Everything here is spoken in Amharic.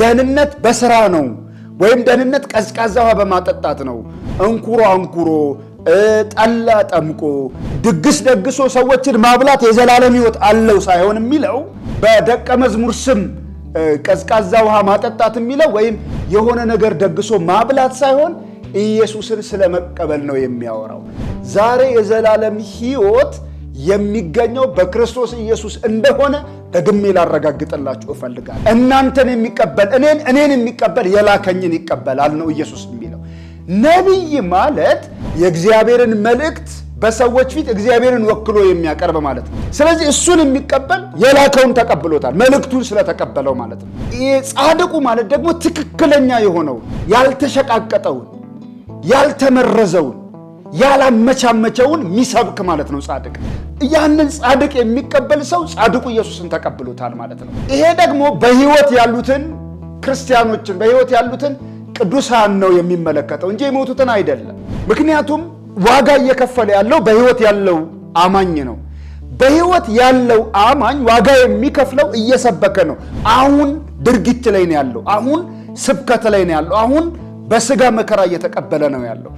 ደህንነት በስራ ነው ወይም ደህንነት ቀዝቃዛ ውሃ በማጠጣት ነው። እንኩሮ አንኩሮ ጠላ ጠምቆ ድግስ ደግሶ ሰዎችን ማብላት የዘላለም ህይወት አለው ሳይሆን የሚለው በደቀ መዝሙር ስም ቀዝቃዛ ውሃ ማጠጣት የሚለው ወይም የሆነ ነገር ደግሶ ማብላት ሳይሆን ኢየሱስን ስለመቀበል ነው የሚያወራው። ዛሬ የዘላለም ህይወት የሚገኘው በክርስቶስ ኢየሱስ እንደሆነ ደግሜ ላረጋግጥላችሁ እፈልጋለሁ። እናንተን የሚቀበል እኔን፣ እኔን የሚቀበል የላከኝን ይቀበላል ነው ኢየሱስ የሚለው። ነቢይ ማለት የእግዚአብሔርን መልእክት በሰዎች ፊት እግዚአብሔርን ወክሎ የሚያቀርብ ማለት ነው። ስለዚህ እሱን የሚቀበል የላከውን ተቀብሎታል፣ መልእክቱን ስለተቀበለው ማለት ነው። ጻድቁ ማለት ደግሞ ትክክለኛ የሆነውን ያልተሸቃቀጠውን፣ ያልተመረዘውን ያላመቻመቸውን ሚሰብክ ማለት ነው ጻድቅ። ያንን ጻድቅ የሚቀበል ሰው ጻድቁ ኢየሱስን ተቀብሎታል ማለት ነው። ይሄ ደግሞ በህይወት ያሉትን ክርስቲያኖችን በህይወት ያሉትን ቅዱሳን ነው የሚመለከተው እንጂ የሞቱትን አይደለም። ምክንያቱም ዋጋ እየከፈለ ያለው በህይወት ያለው አማኝ ነው። በህይወት ያለው አማኝ ዋጋ የሚከፍለው እየሰበከ ነው። አሁን ድርጊት ላይ ነው ያለው። አሁን ስብከት ላይ ነው ያለው። አሁን በስጋ መከራ እየተቀበለ ነው ያለው።